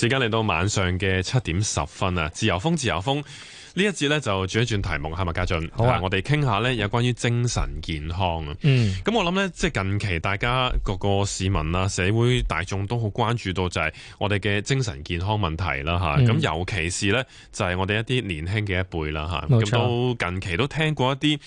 時間嚟到晚上嘅七點十分啊！自由風，自由風，一節呢轉一節咧就轉一轉題目，係咪家俊，進好的我哋傾下咧有關於精神健康啊。嗯，咁我諗咧，即係近期大家各個市民啊、社會大眾都好關注到就係我哋嘅精神健康問題啦，吓咁、嗯、尤其是咧就係我哋一啲年輕嘅一輩啦，吓咁、嗯、都近期都聽過一啲。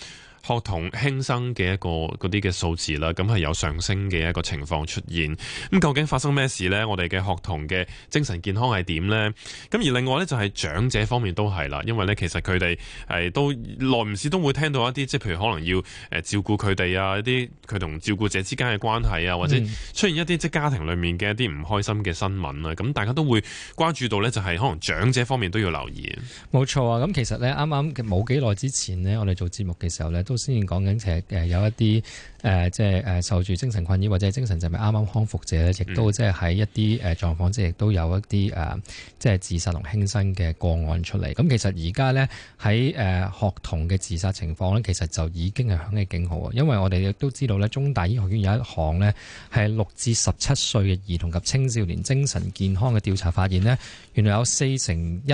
學童輕生嘅一個嗰啲嘅數字啦，咁係有上升嘅一個情況出現。咁究竟發生咩事呢？我哋嘅學童嘅精神健康係點呢？咁而另外呢，就係、是、長者方面都係啦，因為呢，其實佢哋係都耐唔時都會聽到一啲，即係譬如可能要誒照顧佢哋啊，一啲佢同照顧者之間嘅關係啊，或者出現一啲、嗯、即係家庭裡面嘅一啲唔開心嘅新聞啊，咁大家都會關注到呢，就係可能長者方面都要留意。冇錯啊！咁其實呢，啱啱冇幾耐之前呢，我哋做節目嘅時候呢都。都先講緊，其實誒有一啲誒、呃，即係誒、呃、受住精神困擾或者係精神疾病啱啱康復者咧，亦都即係喺一啲誒狀況之下，亦都有一啲誒、呃，即係自殺同輕生嘅個案出嚟。咁、嗯、其實而家咧喺誒學童嘅自殺情況咧，其實就已經係響起警號啊！因為我哋亦都知道咧，中大醫學院有一項呢係六至十七歲嘅兒童及青少年精神健康嘅調查，發現呢，原來有四成一。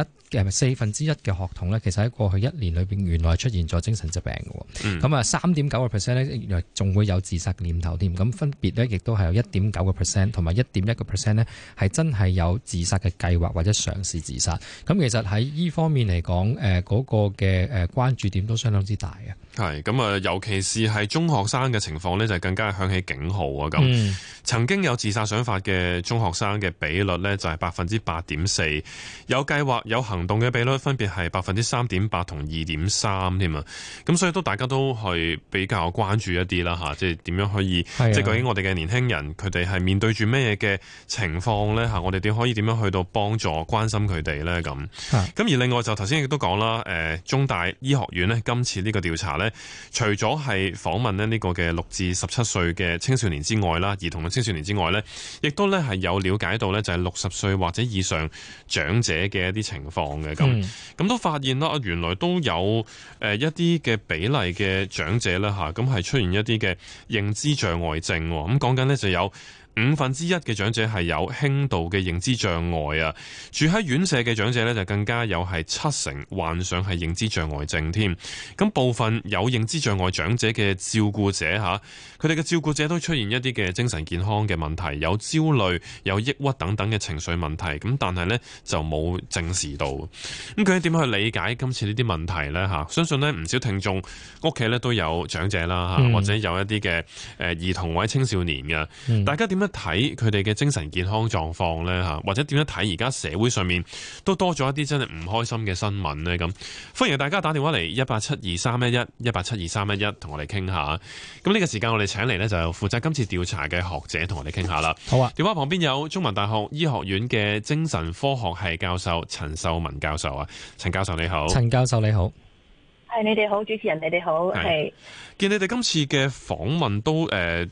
四分之一嘅學童咧？其實喺過去一年裏邊，原來出現咗精神疾病嘅。咁啊、嗯，三點九個 percent 咧，原來仲會有自殺嘅念頭添。咁分別咧，亦都係有一點九個 percent 同埋一點一個 percent 咧，係真係有自殺嘅計劃或者嘗試自殺。咁其實喺依方面嚟講，誒、呃、嗰個嘅誒關注點都相當之大嘅。係咁啊，尤其是係中學生嘅情況咧，就更加係響起警號啊！咁、嗯、曾經有自殺想法嘅中學生嘅比率呢，就係百分之八點四；有計劃有行動嘅比率分別係百分之三點八同二點三添啊！咁所以都大家都係比較關注一啲啦，吓，即係點樣可以，啊、即係究竟我哋嘅年輕人佢哋係面對住咩嘅情況呢？吓，我哋點可以點樣去到幫助關心佢哋呢？咁，咁、啊、而另外就頭先亦都講啦，誒，中大醫學院呢，今次呢個調查呢。除咗係訪問咧呢個嘅六至十七歲嘅青少年之外啦，兒童嘅青少年之外呢，亦都咧係有了解到呢就係六十歲或者以上長者嘅一啲情況嘅咁，咁、嗯、都發現啦，原來都有誒一啲嘅比例嘅長者啦吓，咁係出現一啲嘅認知障礙症，咁講緊呢就有。五分之一嘅長者係有輕度嘅認知障礙啊！住喺院舍嘅長者咧就更加有係七成患上係認知障礙症添。咁部分有認知障礙長者嘅照顧者吓，佢哋嘅照顧者都出現一啲嘅精神健康嘅問題，有焦慮、有抑鬱等等嘅情緒問題。咁但係咧就冇證實到。咁究竟點樣去理解今次呢啲問題咧？吓，相信咧唔少聽眾屋企咧都有長者啦，吓或者有一啲嘅誒兒童或者青少年嘅，嗯、大家點樣？睇佢哋嘅精神健康狀況咧吓，或者點樣睇而家社會上面都多咗一啲真係唔開心嘅新聞呢？咁，歡迎大家打電話嚟一八七二三一一，一八七二三一一同我哋傾下。咁呢個時間我哋請嚟呢，就負責今次調查嘅學者同我哋傾下啦。好啊，電話旁邊有中文大學醫學院嘅精神科學系教授陳秀雯教授啊，陳教授你好，陳教授你好。係你哋好，主持人你哋好，係見是你哋今次嘅訪問都誒誒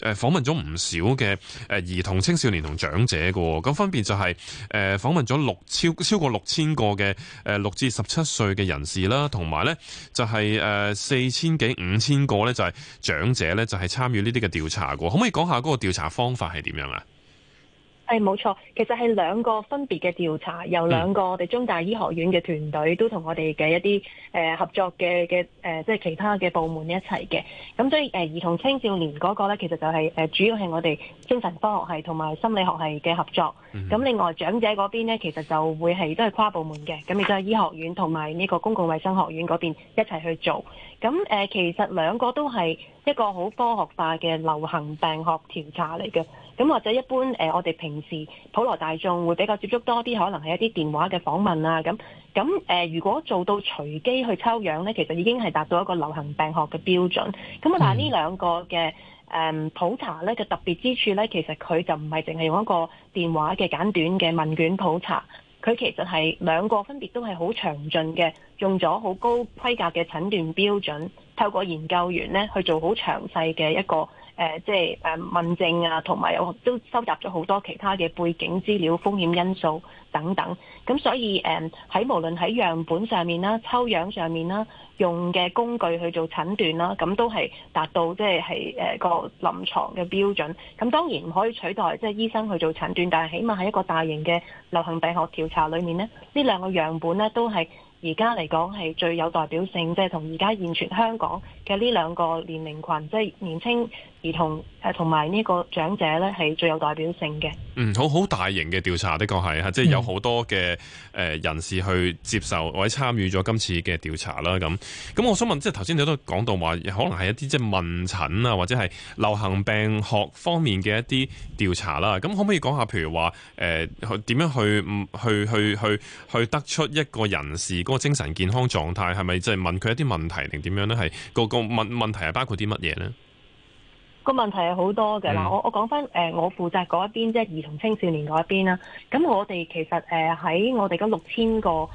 誒訪問咗唔少嘅誒兒童、青少年同長者噶咁分別就係、是、誒、呃、訪問咗六超超過六千個嘅誒六至十七歲嘅人士啦，同埋咧就係誒四千幾五千個咧就係、是、長者咧就係、是、參與呢啲嘅調查噶，可唔可以講下嗰個調查方法係點樣啊？係冇錯，其實係兩個分別嘅調查，由兩個我哋中大醫學院嘅團隊都同我哋嘅一啲誒、呃、合作嘅嘅誒，即係其他嘅部門一齊嘅。咁所以誒兒童青少年嗰個咧，其實就係、是、誒、呃、主要係我哋精神科學系同埋心理學系嘅合作。咁另外長者嗰邊咧，其實就會係都係跨部門嘅，咁亦都係醫學院同埋呢個公共衛生學院嗰邊一齊去做。咁誒、呃、其實兩個都係一個好科學化嘅流行病學調查嚟嘅。咁或者一般誒、呃、我哋平時普羅大眾會比較接觸多啲，可能係一啲電話嘅訪問啊，咁咁誒，如果做到隨機去抽樣咧，其實已經係達到一個流行病學嘅標準。咁啊，但係呢兩個嘅誒普查咧嘅特別之處咧，其實佢就唔係淨係用一個電話嘅簡短嘅問卷普查，佢其實係兩個分別都係好詳盡嘅，用咗好高規格嘅診斷標準，透過研究員咧去做好詳細嘅一個。誒，即係誒問症啊，同埋我都收集咗好多其他嘅背景資料、風險因素等等。咁所以誒，喺無論喺樣本上面啦、抽樣上面啦，用嘅工具去做診斷啦，咁都係達到即係係誒個臨床嘅標準。咁當然唔可以取代即係醫生去做診斷，但係起碼喺一個大型嘅流行病學調查裡面呢，呢兩個樣本呢都係而家嚟講係最有代表性，即係同而家現存香港嘅呢兩個年齡群，即係年青。兒童誒同埋呢個長者咧，係最有代表性嘅。嗯，好好大型嘅調查，的確係嚇，嗯、即係有好多嘅誒人士去接受或者參與咗今次嘅調查啦。咁咁，我想問，即係頭先你都講到話，可能係一啲即係問診啊，或者係流行病學方面嘅一啲調查啦。咁可唔可以講下，譬如話誒，點、呃、樣去去去去去得出一個人士嗰個精神健康狀態係咪即係問佢一啲問題，定點樣咧？係個個問問題係包括啲乜嘢咧？個問題係好多嘅，嗱、嗯，我我講翻誒，我負責嗰一邊即係、就是、兒童青少年嗰一邊啦。咁我哋其實誒喺、呃、我哋嗰六千個誒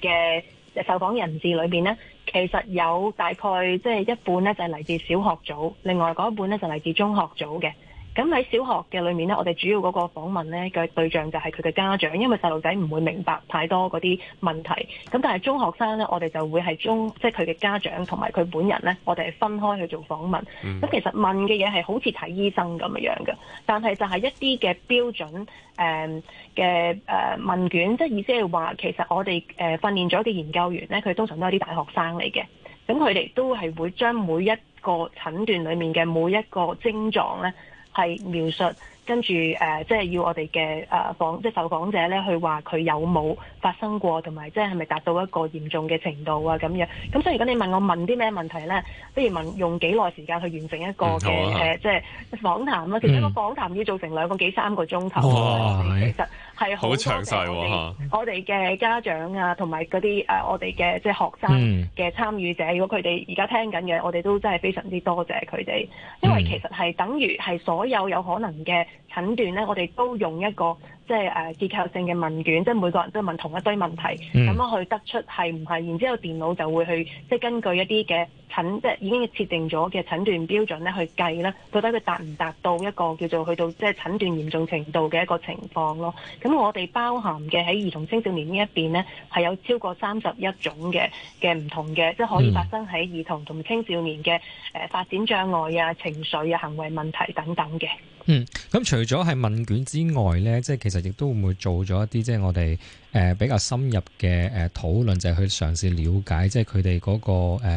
嘅、呃、受訪人士裏邊咧，其實有大概即係、就是、一半咧就係、是、嚟自小學組，另外嗰一半咧就嚟、是、自中學組嘅。咁喺小學嘅裏面咧，我哋主要嗰個訪問咧嘅對象就係佢嘅家長，因為細路仔唔會明白太多嗰啲問題。咁但係中學生咧，我哋就會係中即係佢嘅家長同埋佢本人咧，我哋係分開去做訪問。咁、嗯、其實問嘅嘢係好似睇醫生咁樣樣嘅，但係就係一啲嘅標準誒嘅誒問卷，即係意思係話其實我哋誒訓練咗嘅研究員咧，佢通常都係啲大學生嚟嘅。咁佢哋都係會將每一個診斷裡面嘅每一個症狀咧。係描述跟住誒、呃，即係要我哋嘅誒訪，即係受訪者咧，去話佢有冇發生過同埋即係係咪達到一個嚴重嘅程度啊？咁樣咁、嗯，所以如果你問我問啲咩問題咧，不如問用幾耐時間去完成一個嘅誒，即係訪談啦。其實個訪談要做成兩個幾三個鐘頭，哦、其實。哎係好詳細喎、啊，我哋嘅家長啊，同埋嗰啲誒，我哋嘅即係學生嘅參與者，嗯、如果佢哋而家聽緊嘅，我哋都真係非常之多謝佢哋，因為其實係等於係所有有可能嘅診斷咧，我哋都用一個，即係誒結構性嘅問卷，即係每個人都問同一堆問題，咁樣去得出係唔係，然之後電腦就會去即係根據一啲嘅診，即係已經設定咗嘅診斷標準咧去計咧，到底佢達唔達到一個叫做去到即係診斷嚴重程度嘅一個情況咯。咁我哋包含嘅喺兒童青少年一邊呢一邊咧，係有超過三十一種嘅嘅唔同嘅，即係可以發生喺兒童同青少年嘅誒、嗯呃、發展障礙啊、情緒啊、行為問題等等嘅。嗯，咁除咗係問卷之外咧，即係其實亦都會唔會做咗一啲即係我哋誒比較深入嘅誒討論，就係、係、去嘗試了解即係佢哋嗰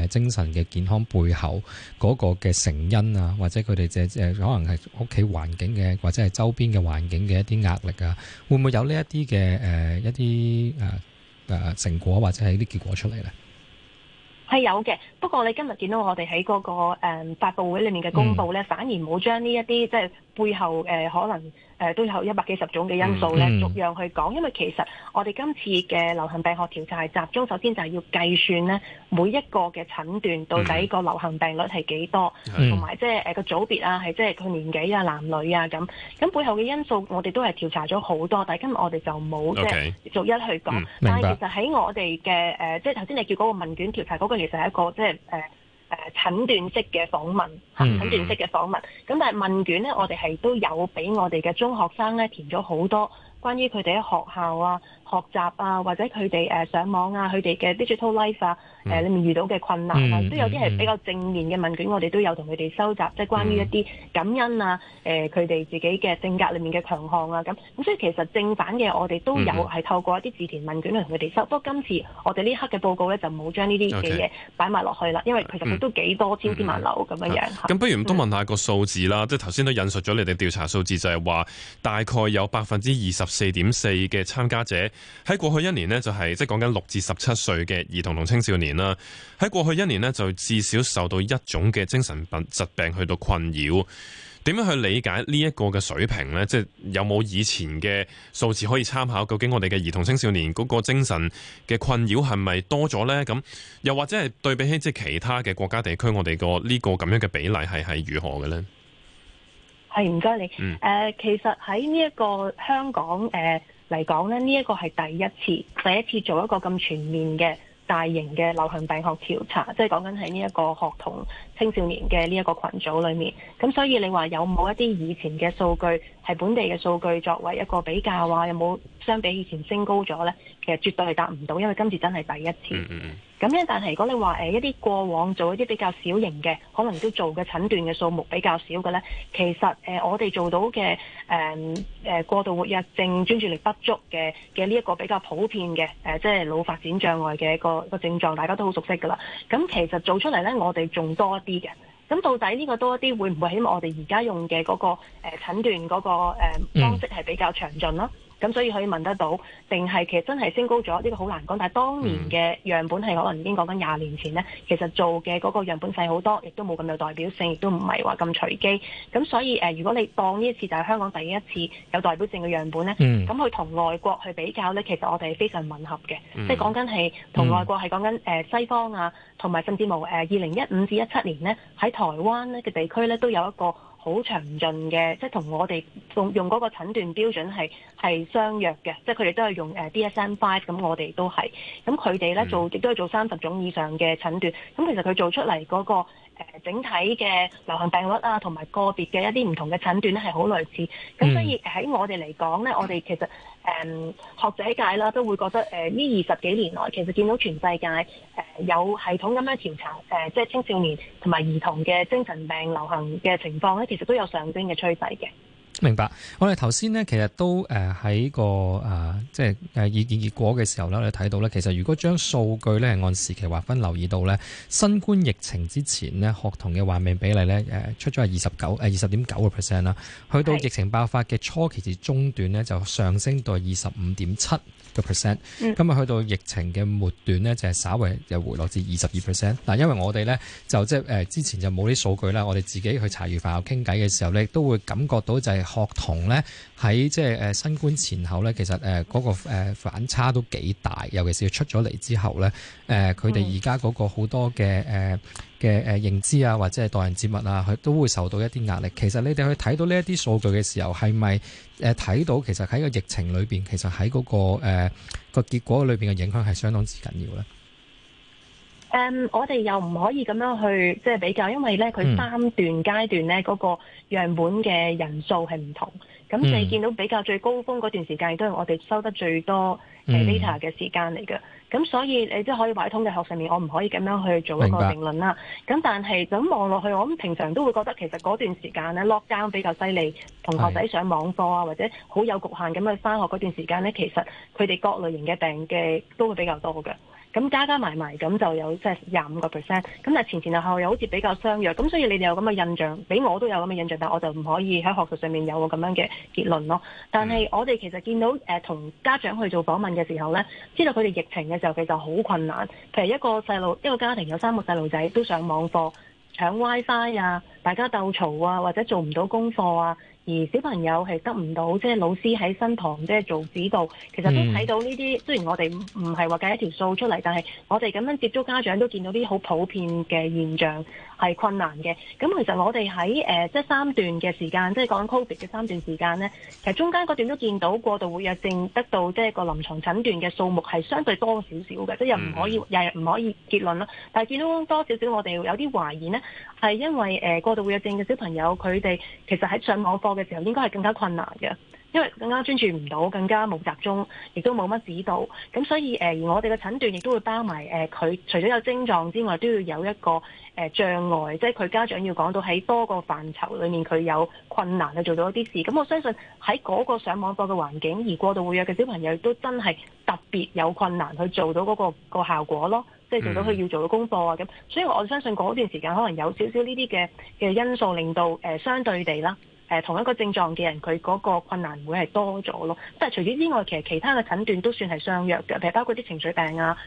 個精神嘅健康背後嗰、嗰個嘅成因啊，或者佢哋即可能係屋企環境嘅，或者係周邊嘅環境嘅一啲壓力啊，會唔會有呢一啲嘅誒一啲誒誒成果或者係啲結果出嚟咧？係有嘅，不過你今日見到我哋喺嗰個誒、嗯、發佈會裏面嘅公布咧，嗯、反而冇將呢一啲即係背後誒、呃、可能。誒都有一百幾十種嘅因素咧，嗯嗯、逐樣去講。因為其實我哋今次嘅流行病學調查係集中，首先就係要計算咧每一個嘅診斷到底個流行病率係幾多，同埋即係誒個組別啊，係即係佢年紀啊、男女啊咁。咁背後嘅因素我哋都係調查咗好多，但係今日我哋就冇即係逐一去講。Okay，嗯、但係其實喺我哋嘅誒，即係頭先你叫嗰個問卷調查嗰個，個，其實係一個即係誒。誒診斷式嘅訪問嚇，診斷式嘅訪問，咁但係問卷咧，我哋係都有俾我哋嘅中學生咧填咗好多關於佢哋喺學校啊，學習啊，或者佢哋誒上網啊，佢哋嘅 digital life 啊、欸，誒裡面遇到嘅困難啊，嗯、都有啲係比較正面嘅問卷，嗯、我哋都有同佢哋收集，即、就、係、是、關於一啲感恩啊，誒佢哋自己嘅性格裡面嘅強項啊，咁咁所以其實正反嘅我哋都有係透過一啲自填問卷去同佢哋收。不過今次我哋呢刻嘅報告咧就冇將呢啲嘅嘢擺埋落去啦，嗯、因為其實佢都幾多千枝萬柳咁、嗯嗯、樣樣咁、嗯、不如都問下個數字啦，即係頭先都引述咗你哋調查數字，就係、是、話大概有百分之二十四點四嘅參加者。喺過去一年呢，就係即係講緊六至十七歲嘅兒童同青少年啦。喺過去一年呢，就至少受到一種嘅精神病疾病去到困擾。點樣去理解呢一個嘅水平呢？即係有冇以前嘅數字可以參考？究竟我哋嘅兒童青少年嗰個精神嘅困擾係咪多咗呢？咁又或者係對比起即係其他嘅國家地區，我哋個呢個咁樣嘅比例係係如何嘅呢？係唔該你。誒、嗯，uh, 其實喺呢一個香港誒。Uh, 嚟講咧，呢一個係第一次，第一次做一個咁全面嘅大型嘅流行病學調查，即係講緊喺呢一個學童青少年嘅呢一個群組裡面。咁所以你話有冇一啲以前嘅數據係本地嘅數據作為一個比較啊？有冇相比以前升高咗呢？其實絕對係答唔到，因為今次真係第一次。嗯嗯咁咧，但係如果你話誒一啲過往做一啲比較小型嘅，可能都做嘅診斷嘅數目比較少嘅咧，其實誒、呃、我哋做到嘅誒誒過度活躍症、專注力不足嘅嘅呢一個比較普遍嘅誒，即係腦發展障礙嘅一、個、個症狀，大家都好熟悉噶啦。咁、嗯、其實做出嚟咧，我哋仲多一啲嘅。咁到底呢個多一啲，會唔會希望我哋而家用嘅嗰、嗰個誒、呃、診斷嗰、嗰個、呃、方式係比較詳盡咯？嗯咁所以可以問得到，定係其實真係升高咗？呢個好難講。但係當年嘅樣本係可能已經講緊廿年前呢，其實做嘅嗰個樣本細好多，亦都冇咁有代表性，亦都唔係話咁隨機。咁所以誒、呃，如果你當呢一次就係香港第一次有代表性嘅樣本呢，咁佢同外國去比較呢，其實我哋非常吻合嘅，嗯、即係講緊係同外國係講緊誒西方啊，同埋甚至乎誒二零一五至一七年呢，喺台灣呢嘅地區呢，都有一個。好詳盡嘅，即係同我哋用用嗰個診斷標準係相若嘅，即係佢哋都係用 DSM Five，咁我哋都係，咁佢哋呢，做亦都係做三十種以上嘅診斷，咁其實佢做出嚟嗰個、呃、整體嘅流行病率啊，同埋個別嘅一啲唔同嘅診斷呢係好類似，咁所以喺我哋嚟講呢，我哋其實。誒學者界啦，都會覺得誒呢二十幾年來，其實見到全世界誒有系統咁樣調查誒，即係青少年同埋兒童嘅精神病流行嘅情況咧，其實都有上升嘅趨勢嘅。明白，我哋頭先呢其實都誒喺、呃、個誒、呃、即係誒意見結果嘅時候呢，我哋睇到呢，其實如果將數據呢按時期劃分，留意到呢，新冠疫情之前呢，學童嘅患病比例呢誒、呃、出咗係二十九誒二十點九個 percent 啦，去到疫情爆發嘅初期至中段呢，就上升到二十五點七。個 percent，嗯、今日去到疫情嘅末段呢，就係、是、稍為又回落至二十二 percent。嗱，因為我哋呢，就即係誒之前就冇啲數據啦，我哋自己去茶餘飯後傾偈嘅時候咧，都會感覺到就係學童呢喺即係誒新冠前後呢，其實誒嗰個反差都幾大，尤其是出咗嚟之後呢。誒佢哋而家嗰個好多嘅誒嘅誒認知啊，或者係待人接物啊，佢都會受到一啲壓力。其實你哋去睇到呢一啲數據嘅時候，係咪誒睇到其實喺個疫情裏邊，其實喺嗰、那個、呃呃個結果裏邊嘅影響係相當之緊要咧。誒，um, 我哋又唔可以咁樣去即係比較，因為咧佢三段階段咧嗰個樣本嘅人數係唔同。咁你、嗯、見到比較最高峰嗰段時間，亦都係我哋收得最多 data 嘅時間嚟嘅。咁、嗯、所以你都可以話喺通嘅學上面，我唔可以咁樣去做一個定論啦。咁白但係咁望落去，我咁平常都會覺得其實嗰段時間咧 lock down，比較犀利，同學仔上網課啊，或者好有局限咁去翻學嗰段時間咧，其實佢哋各類型嘅病嘅都會比較多嘅。咁加加埋埋咁就有即係廿五個 percent，咁但係前前後後又好似比較相若，咁所以你哋有咁嘅印象，俾我都有咁嘅印象，但我就唔可以喺學術上面有個咁樣嘅結論咯。但係我哋其實見到誒同、呃、家長去做訪問嘅時候呢，知道佢哋疫情嘅時候佢就好困難。譬如一個細路一個家庭有三個細路仔都上網課，搶 WiFi 啊，大家鬥嘈啊，或者做唔到功課啊。而小朋友係得唔到，即係老師喺身旁，即係做指導，其實都睇到呢啲。嗯、雖然我哋唔係話計一條數出嚟，但係我哋咁樣接觸家長都見到啲好普遍嘅現象係困難嘅。咁其實我哋喺誒即係三段嘅時間，即係講 Covid 嘅三段時間呢，其實中間嗰段都見到過度活躍症得到即係個臨床診斷嘅數目係相對多少少嘅，嗯、即係又唔可以又唔可以結論啦。但係見到多少少，我哋有啲懷疑呢，係因為誒、呃、過度活躍症嘅小朋友佢哋其實喺上網課嘅時候應該係更加困難嘅，因為更加專注唔到，更加冇集中，亦都冇乜指導。咁所以誒、呃，而我哋嘅診斷亦都會包埋誒，佢、呃、除咗有症狀之外，都要有一個誒、呃、障礙，即係佢家長要講到喺多個範疇裏面佢有困難去做到一啲事。咁我相信喺嗰個上網課嘅環境而過度活躍嘅小朋友，都真係特別有困難去做到嗰、嗰個、嗰個效果咯，即係做到佢要做到功課啊。咁所以我相信嗰段時間可能有少少呢啲嘅嘅因素，令到誒、呃、相對地啦。誒，同一個症狀嘅人，佢嗰個困難會係多咗咯。但係除此之外，其實其他嘅診斷都算係相若嘅，譬如包括啲情緒病啊。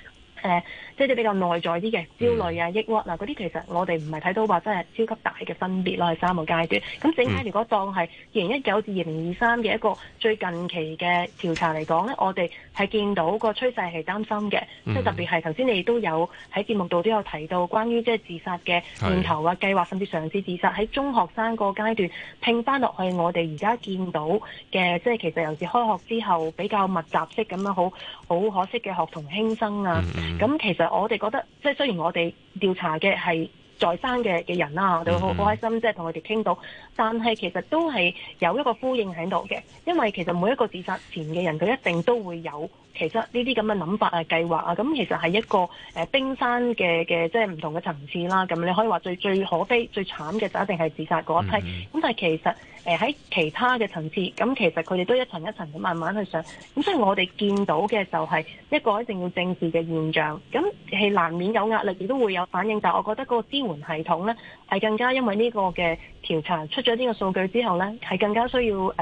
誒，嗯、即係比較內在啲嘅焦慮啊、抑鬱啊嗰啲，其實我哋唔係睇到話真係超級大嘅分別咯，係三個階段。咁整體如果當係二零一九至二零二三嘅一個最近期嘅調查嚟講呢，我哋係見到個趨勢係擔心嘅。即係、嗯、特別係頭先你都有喺節目度都有提到關於即係自殺嘅念頭啊、計劃的甚至嘗試自殺喺中學生個階段拼翻落去，我哋而家見到嘅即係其實尤其開學之後比較密集式咁樣好好可惜嘅學童輕生啊。嗯咁、嗯、其實我哋覺得，即係雖然我哋調查嘅係在生嘅嘅人啦，我哋好好開心，即係同佢哋傾到，但係其實都係有一個呼應喺度嘅，因為其實每一個自殺前嘅人，佢一定都會有其實呢啲咁嘅諗法啊、計劃啊，咁其實係一個誒冰山嘅嘅，即係唔同嘅層次啦。咁你可以話最最可悲、最慘嘅就一定係自殺嗰一批。咁、嗯嗯、但係其實。誒喺其他嘅層次，咁其實佢哋都一層一層咁慢慢去上。咁所以我哋見到嘅就係一個一定要正視嘅現象，咁係難免有壓力，亦都會有反應。但係我覺得嗰個支援系統呢，係更加因為呢個嘅調查出咗呢個數據之後呢，係更加需要誒，即、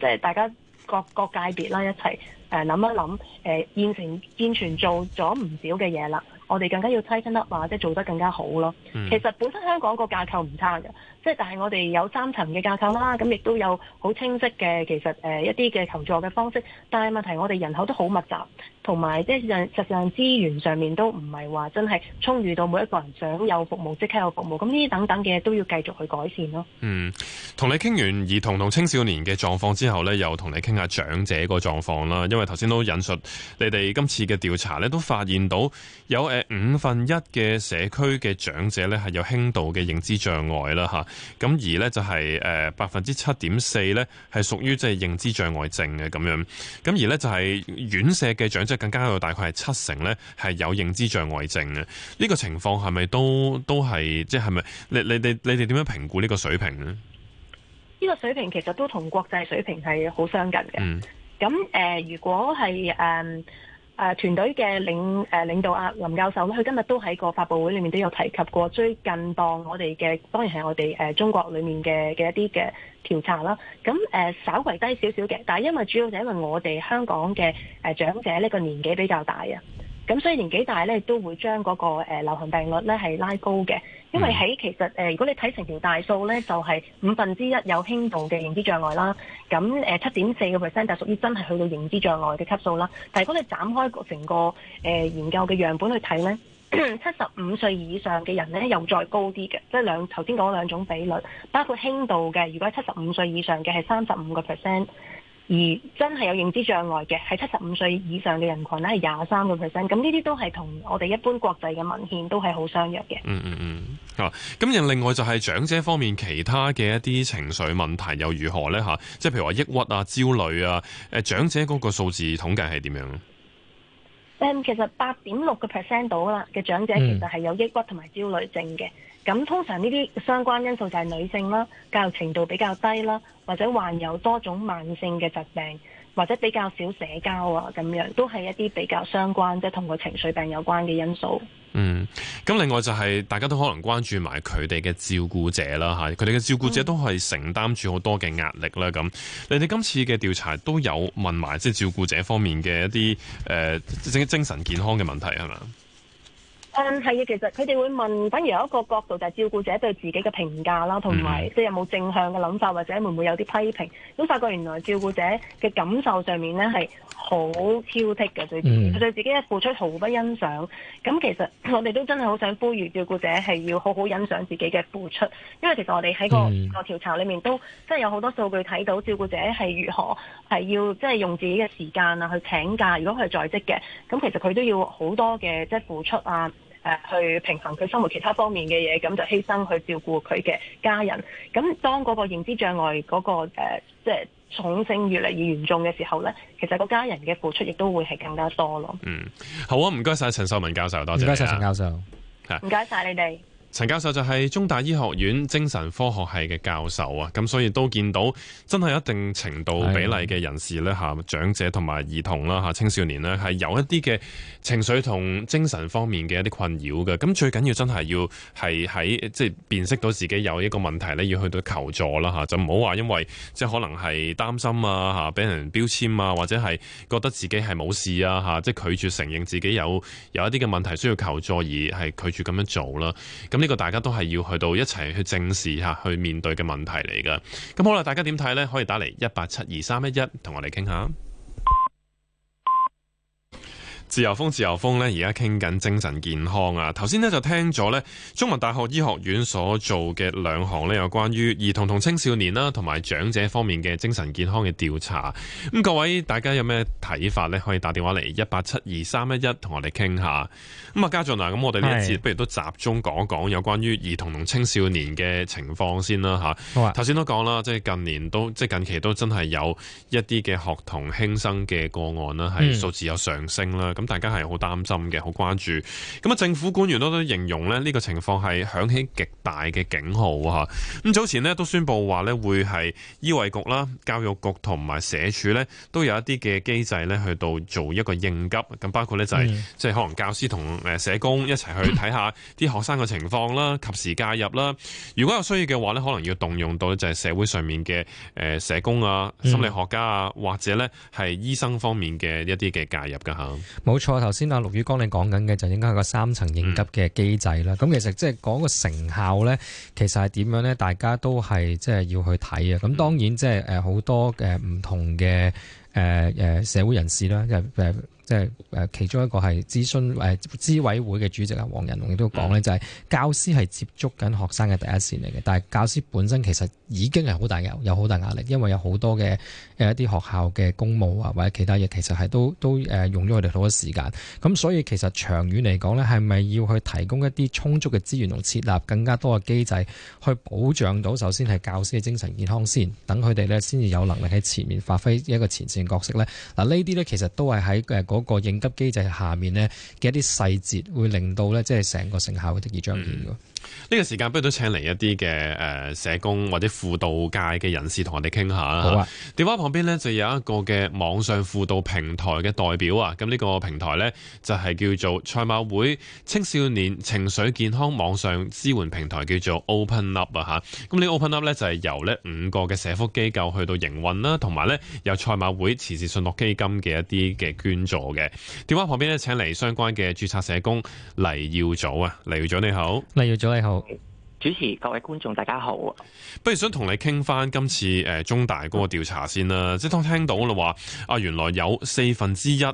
呃、係大家各各界別啦一齊誒諗一諗，誒、呃、現成現存做咗唔少嘅嘢啦，我哋更加要 tighten up，即係做得更加好咯。嗯、其實本身香港個架構唔差嘅。即係，但係我哋有三層嘅架構啦，咁亦都有好清晰嘅，其實誒、呃、一啲嘅求助嘅方式。但係問題，我哋人口都好密集，同埋實際上資源上面都唔係話真係充裕到每一個人想有服務即刻有服務。咁呢啲等等嘅嘢都要繼續去改善咯。嗯，同你傾完兒童同青少年嘅狀況之後呢，又同你傾下長者個狀況啦。因為頭先都引述你哋今次嘅調查呢都發現到有誒五分一嘅社區嘅長者呢係有輕度嘅認知障礙啦，吓。咁而咧就係誒百分之七點四咧係屬於即係認知障礙症嘅咁樣，咁而咧就係院舍嘅長者更加有大概係七成咧係有認知障礙症嘅，呢個情況係咪都都係即係咪你你哋你哋點樣評估呢個水平呢？呢個水平其實都同國際水平係好相近嘅。咁誒、嗯呃，如果係誒。呃誒、呃、團隊嘅領誒、呃、領導啊，林教授咧，佢今日都喺個發布會裏面都有提及過最近當我哋嘅當然係我哋誒中國裏面嘅嘅一啲嘅調查啦，咁誒、呃、稍為低少少嘅，但係因為主要就係因為我哋香港嘅誒長者呢個年紀比較大啊。咁所以年紀大咧都會將嗰個誒流行病率咧係拉高嘅，因為喺其實誒如果你睇成條大數咧，就係五分之一有輕度嘅認知障礙啦。咁誒七點四個 percent 就屬於真係去到認知障礙嘅級數啦。但係如果你斬開成個誒研究嘅樣本去睇咧，七十五歲以上嘅人咧又再高啲嘅，即係兩頭先講兩種比率，包括輕度嘅，如果係七十五歲以上嘅係三十五個 percent。而真係有認知障礙嘅，喺七十五歲以上嘅人群，咧，係廿三個 percent。咁呢啲都係同我哋一般國際嘅文獻都係好相若嘅。嗯。嗯嗯嗯。啊，咁另外就係長者方面其他嘅一啲情緒問題又如何呢？嚇、啊，即係譬如話抑鬱啊、焦慮啊，誒、呃、長者嗰個數字統計係點樣？誒、嗯，其實八點六個 percent 到啦嘅長者、嗯、其實係有抑鬱同埋焦慮症嘅。咁通常呢啲相關因素就係女性啦，教育程度比較低啦，或者患有多種慢性嘅疾病，或者比較少社交啊，咁樣都係一啲比較相關，即係同個情緒病有關嘅因素。嗯，咁另外就係大家都可能關注埋佢哋嘅照顧者啦，嚇佢哋嘅照顧者都係承擔住好多嘅壓力啦。咁、嗯、你哋今次嘅調查都有問埋即係照顧者方面嘅一啲誒即精神健康嘅問題係嘛？嗯，係啊，其實佢哋會問，反而有一個角度就係、是、照顧者對自己嘅評價啦，同埋即係有冇正向嘅諗法，或者會唔會有啲批評？咁發覺原來照顧者嘅感受上面咧係好挑剔嘅，對自己，佢、嗯、對自己嘅付出毫不欣賞。咁其實我哋都真係好想呼籲照顧者係要好好欣賞自己嘅付出，因為其實我哋喺個個調查裏面都即係有好多數據睇到照顧者係如何係要即係、就是、用自己嘅時間啊去請假，如果佢係在職嘅，咁其實佢都要好多嘅即係付出啊。誒，去平衡佢生活其他方面嘅嘢，咁就犧牲去照顧佢嘅家人。咁當嗰個認知障礙嗰、那個誒、呃，即係重症越嚟越嚴重嘅時候咧，其實個家人嘅付出亦都會係更加多咯。嗯，好啊，唔該晒陳秀雯教授，多謝、謝。唔該晒陳教授，吓，唔該晒你哋。陳教授就係中大醫學院精神科學系嘅教授啊，咁所以都見到真係一定程度比例嘅人士咧吓，的長者同埋兒童啦吓，青少年咧係有一啲嘅情緒同精神方面嘅一啲困擾嘅，咁最緊要真係要係喺即係辨識到自己有一個問題咧，要去到求助啦吓，就唔好話因為即係可能係擔心啊吓，俾人標籤啊，或者係覺得自己係冇事啊吓，即係拒絕承認自己有有一啲嘅問題需要求助而係拒絕咁樣做啦，咁。呢個大家都係要去到一齊去正視下去面對嘅問題嚟噶。咁好啦，大家點睇呢？可以打嚟一八七二三一一，同我哋傾下。自由風，自由風咧，而家傾緊精神健康啊！頭先咧就聽咗咧，中文大學醫學院所做嘅兩項咧，有關於兒童同青少年啦、啊，同埋長者方面嘅精神健康嘅調查。咁、嗯、各位大家有咩睇法咧？可以打電話嚟一八七二三一一，同我哋傾下。咁、嗯、啊，家長啊，咁我哋呢一節不如都集中講一講有關於兒童同青少年嘅情況先啦，吓、啊，頭先都講啦，即係近年都，即係近期都真係有一啲嘅學童輕生嘅個案啦，係數字有上升啦。的咁大家係好擔心嘅，好關注。咁啊，政府官員都都形容咧呢個情況係響起極大嘅警號嚇。咁早前咧都宣布話咧會係醫衞局啦、教育局同埋社署咧都有一啲嘅機制咧去到做一個應急。咁包括咧就係即係可能教師同誒社工一齊去睇下啲學生嘅情況啦，及時介入啦。如果有需要嘅話咧，可能要動用到就係社會上面嘅誒社工啊、心理學家啊，或者咧係醫生方面嘅一啲嘅介入嘅嚇。冇錯，頭先阿陸宇光你講緊嘅就應該係個三層應急嘅機制啦。咁、嗯、其實即係講個成效咧，其實係點樣咧？大家都係即係要去睇啊。咁、嗯、當然即係誒好多誒唔同嘅誒誒社會人士啦，誒、呃。即係誒，其中一個係諮詢誒諮委會嘅主席啊，黃仁龍亦都講呢，就係、是、教師係接觸緊學生嘅第一線嚟嘅。但係教師本身其實已經係好大壓，有好大壓力，因為有好多嘅誒一啲學校嘅公務啊，或者其他嘢，其實係都都誒用咗佢哋好多時間。咁所以其實長遠嚟講呢，係咪要去提供一啲充足嘅資源同設立更加多嘅機制，去保障到首先係教師嘅精神健康先，等佢哋呢先至有能力喺前面發揮一個前線角色呢。嗱，呢啲呢其實都係喺誒嗰個應急機制下面呢，嘅一啲細節，會令到呢，即係成個成效會得以彰顯嘅。呢、嗯呢個時間，不如都請嚟一啲嘅誒社工或者輔導界嘅人士同我哋傾下啦。好啊，電話旁邊呢，就有一個嘅網上輔導平台嘅代表啊。咁呢個平台呢，就係叫做賽馬會青少年情緒健康網上支援平台，叫做 OpenUp 啊嚇。咁呢個 OpenUp 呢，就係由呢五個嘅社福機構去到營運啦，同埋呢由賽馬會慈善信託基金嘅一啲嘅捐助。嘅電話旁邊咧，請嚟相關嘅註冊社工黎耀祖啊，黎，黎耀祖你好，黎耀祖你好。主持各位觀眾大家好，不如想同你傾翻今次誒中大嗰個調查先啦，即係當聽到啦話啊，原來有四分之一吓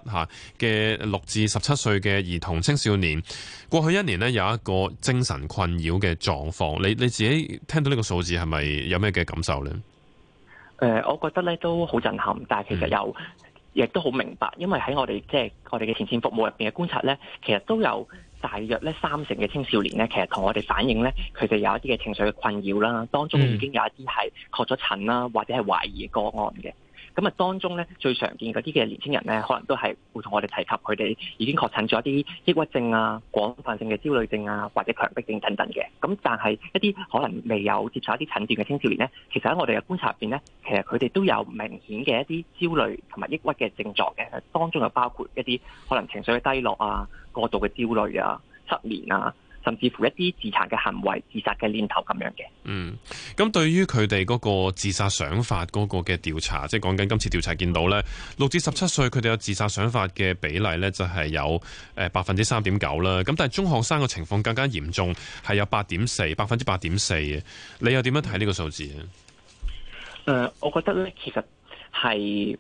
嘅六至十七歲嘅兒童青少年過去一年咧有一個精神困擾嘅狀況，你你自己聽到呢個數字係咪有咩嘅感受呢？誒、呃，我覺得咧都好震撼，但係其實有。嗯亦都好明白，因為喺我哋即係我哋嘅前線服務入邊嘅觀察咧，其實都有大約咧三成嘅青少年咧，其實同我哋反映咧，佢哋有一啲嘅情緒嘅困擾啦，當中已經有一啲係確咗診啦，或者係懷疑個案嘅。咁啊，當中咧最常見嗰啲嘅年輕人咧，可能都係會同我哋提及佢哋已經確診咗一啲抑鬱症啊、廣泛性嘅焦慮症啊，或者強迫症等等嘅。咁但係一啲可能未有接受一啲診斷嘅青少年咧，其實喺我哋嘅觀察入邊咧，其實佢哋都有明顯嘅一啲焦慮同埋抑鬱嘅症狀嘅，當中又包括一啲可能情緒嘅低落啊、過度嘅焦慮啊、失眠啊。甚至乎一啲自殘嘅行為、自殺嘅念頭咁樣嘅。嗯，咁對於佢哋嗰個自殺想法嗰個嘅調查，即係講緊今次調查見到咧，六至十七歲佢哋有自殺想法嘅比例咧，就係有誒百分之三點九啦。咁但係中學生嘅情況更加嚴重，係有八點四，百分之八點四嘅。你又點樣睇呢個數字啊？誒、呃，我覺得咧，其實係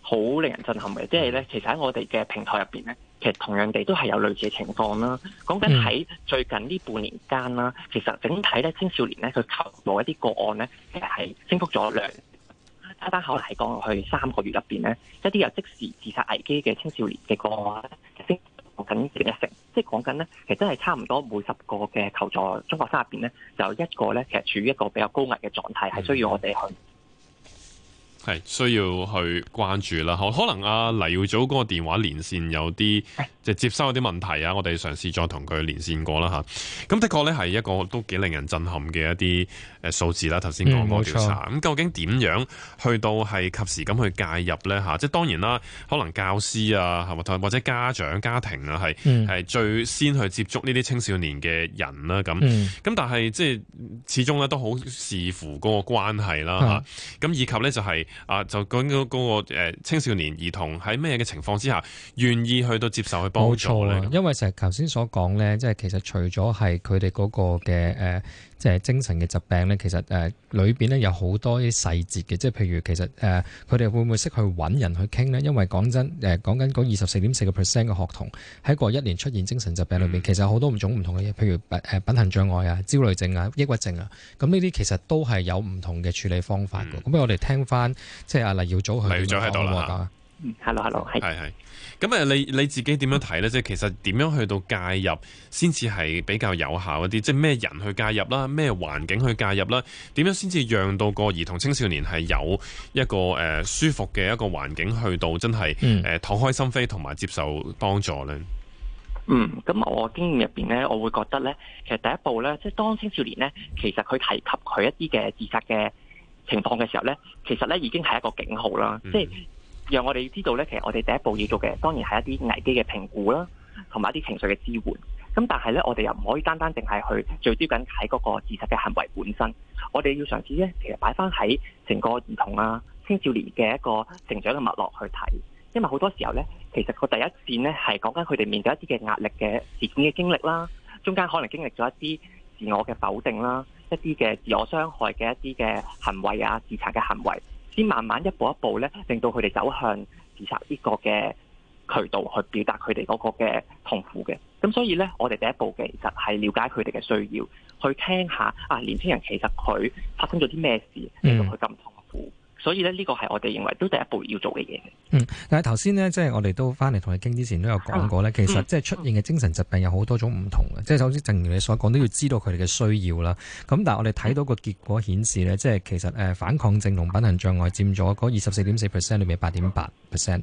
好令人震撼嘅，即係咧，其實喺我哋嘅平台入邊咧。其實同樣地都係有類似嘅情況啦。講緊喺最近呢半年間啦，其實整體咧青少年咧佢求助一啲個案咧，其實係升幅咗兩。單單口嚟講，落去三個月入邊咧，一啲有即時自殺危機嘅青少年嘅個案咧，升緊成一成。即係講緊咧，其實真係差唔多每十個嘅求助中學生入邊咧，就一個咧，其實處於一個比較高危嘅狀態，係需要我哋去。係需要去關注啦，可能阿、啊、黎耀祖嗰個電話連線有啲即係接收有啲問題啊，我哋嘗試再同佢連線過啦吓。咁、啊、的確咧係一個都幾令人震撼嘅一啲誒數字啦，頭先講嗰個調查。咁、嗯、究竟點樣去到係及時咁去介入咧吓、啊？即係當然啦，可能教師啊，或或者家長家庭啊，係係、嗯、最先去接觸呢啲青少年嘅人、啊嗯嗯、啦。咁咁但係即係始終咧都好視乎嗰個關係啦吓。咁是以及咧就係、是。啊！就究竟嗰個誒青少年兒童喺咩嘅情況之下願意去到接受去幫助咧？冇錯，因為成日頭先所講咧，即係其實除咗係佢哋嗰個嘅誒。呃即係精神嘅疾病咧，其實誒裏邊咧有好多啲細節嘅，即係譬如其實誒佢哋會唔會識去揾人去傾咧？因為講真誒講緊嗰二十四點四個 percent 嘅學童喺個一年出現精神疾病裏邊，嗯、其實有好多唔種唔同嘅嘢，譬如誒品、呃、行障礙啊、焦慮症啊、抑鬱症啊，咁呢啲其實都係有唔同嘅處理方法㗎。咁、嗯、我哋聽翻即係阿、啊、黎耀祖去。hello，hello 係係係，咁啊，你你自己點樣睇咧？即係其實點樣去到介入，先至係比較有效一啲，即係咩人去介入啦，咩環境去介入啦，點樣先至讓到個兒童青少年係有一個誒、呃、舒服嘅一個環境，去到真係誒敞開心扉同埋接受幫助咧。嗯，咁我經驗入邊咧，我會覺得咧，其實第一步咧，即係當青少年咧，其實佢提及佢一啲嘅自殺嘅情況嘅時候咧，其實咧已經係一個警號啦，即係、嗯。讓我哋知道咧，其實我哋第一步要做嘅，當然係一啲危機嘅評估啦，同埋一啲情緒嘅支援。咁但係咧，我哋又唔可以單單淨係去聚焦緊喺嗰個自殺嘅行為本身。我哋要嘗試咧，其實擺翻喺成個兒童啊、青少年嘅一個成長嘅脈絡去睇。因為好多時候咧，其實個第一線咧係講緊佢哋面對一啲嘅壓力嘅事件嘅經歷啦，中間可能經歷咗一啲自我嘅否定啦，一啲嘅自我傷害嘅一啲嘅行為啊，自殺嘅行為。先慢慢一步一步咧，令到佢哋走向自殺呢個嘅渠道去表達佢哋嗰個嘅痛苦嘅。咁所以咧，我哋第一步嘅其實係了解佢哋嘅需要，去聽下啊，年輕人其實佢發生咗啲咩事令到佢咁痛苦。嗯。所以咧，呢個係我哋認為都第一步要做嘅嘢。嗯，但係頭先呢，即係我哋都翻嚟同你傾之前都有講過咧，嗯、其實即係出現嘅精神疾病有好多種唔同嘅，嗯、即係首先正如你所講，都要知道佢哋嘅需要啦。咁但係我哋睇到個結果顯示咧，即係其實誒、呃、反抗症同品行障礙佔咗嗰二十四點四 percent 裏面八點八 percent。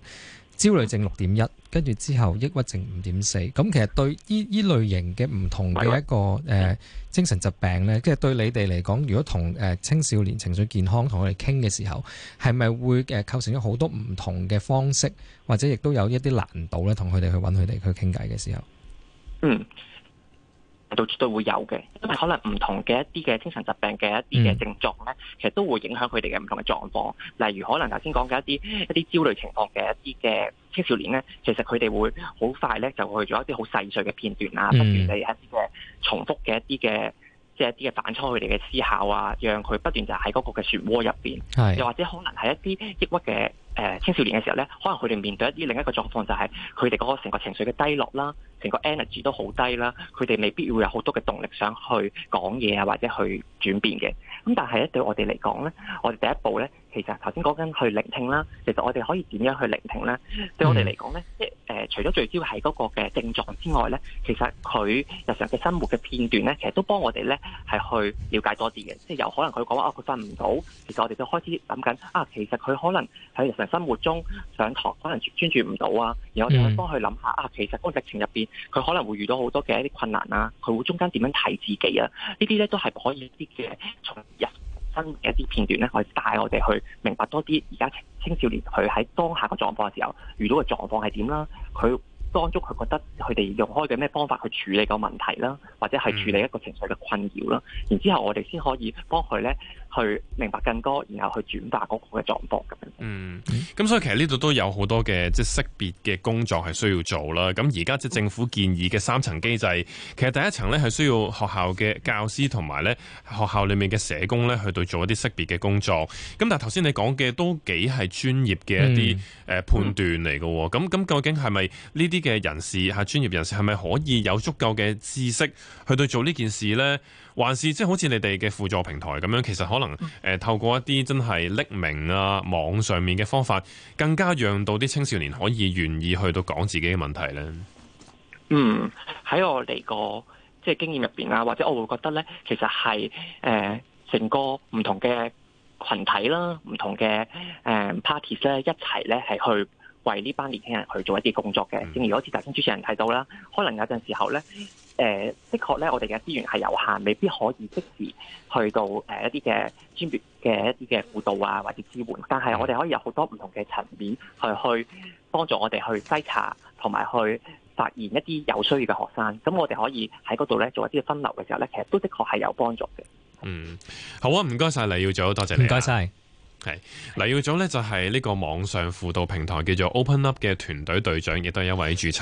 焦慮症六點一，跟住之後抑鬱症五點四，咁其實對呢呢類型嘅唔同嘅一個誒精神疾病呢，即係對你哋嚟講，如果同誒青少年情緒健康同佢哋傾嘅時候，係咪會誒構成咗好多唔同嘅方式，或者亦都有一啲難度咧，同佢哋去揾佢哋去傾偈嘅時候？嗯。都絕對會有嘅，因為可能唔同嘅一啲嘅精神疾病嘅一啲嘅症狀咧，其實都會影響佢哋嘅唔同嘅狀況。例如可能頭先講嘅一啲一啲焦慮情況嘅一啲嘅青少年咧，其實佢哋會好快咧就去咗一啲好細碎嘅片段啊，不斷地一啲嘅重複嘅一啲嘅即係一啲嘅反芻佢哋嘅思考啊，讓佢不斷就喺嗰個嘅漩渦入邊。係的又或者可能係一啲抑鬱嘅。誒、呃、青少年嘅時候咧，可能佢哋面對一啲另一個狀況，就係佢哋嗰個成個情緒嘅低落啦，成個 energy 都好低啦，佢哋未必會有好多嘅動力想去講嘢啊，或者去轉變嘅。咁但係咧，對我哋嚟講咧，我哋第一步咧。其實頭先講緊去聆聽啦，其實我哋可以點樣去聆聽咧？Mm hmm. 對我哋嚟講咧，即係誒，除咗聚焦係嗰個嘅症狀之外咧，其實佢日常嘅生活嘅片段咧，其實都幫我哋咧係去了解多啲嘅。即係有可能佢講話啊，佢瞓唔到，其實我哋就開始諗緊啊，其實佢可能喺日常生活中上堂可能專注唔到啊，然後我哋去幫佢諗下啊，其實個疫情入邊佢可能會遇到好多嘅一啲困難啊，佢會中間點樣睇自己啊？呢啲咧都係可以啲嘅從日。新嘅一啲片段咧，可以帶我哋去明白多啲而家青少年佢喺當下嘅狀況嘅時候遇到嘅狀況係點啦，佢當中佢覺得佢哋用開嘅咩方法去處理個問題啦，或者係處理一個情緒嘅困擾啦，然之後我哋先可以幫佢咧。去明白更多，然後去轉化嗰個嘅狀況咁樣。嗯，咁所以其實呢度都有好多嘅即係識別嘅工作係需要做啦。咁而家即係政府建議嘅三層機制，其實第一層咧係需要學校嘅教師同埋咧學校裡面嘅社工咧去對做一啲識別嘅工作。咁但係頭先你講嘅都幾係專業嘅一啲誒判斷嚟嘅。咁咁、嗯、究竟係咪呢啲嘅人士嚇、啊、專業人士係咪可以有足夠嘅知識去對做呢件事咧？還是即係好似你哋嘅輔助平台咁樣，其實可能誒、呃、透過一啲真係匿名啊網上面嘅方法，更加讓到啲青少年可以願意去到講自己嘅問題咧。嗯，喺我嚟個即係經驗入邊啊，或者我會覺得咧，其實係誒成個唔同嘅群體啦，唔同嘅誒、呃、parties 咧一齊咧係去為呢班年輕人去做一啲工作嘅。嗯、正如我之前主持人提到啦，可能有陣時候咧。誒、呃，的確咧，我哋嘅資源係有限，未必可以即時去到誒、呃、一啲嘅專業嘅一啲嘅輔導啊，或者支援。但係我哋可以有好多唔同嘅層面去去幫助我哋去篩查，同埋去發現一啲有需要嘅學生。咁我哋可以喺嗰度咧做一啲嘅分流嘅時候咧，其實都的確係有幫助嘅。嗯，好啊，唔該晒黎耀祖，多謝你。唔該晒。係黎耀祖咧，就係、是、呢個網上輔導平台叫做 Open Up 嘅團隊隊長，亦都係一位註冊。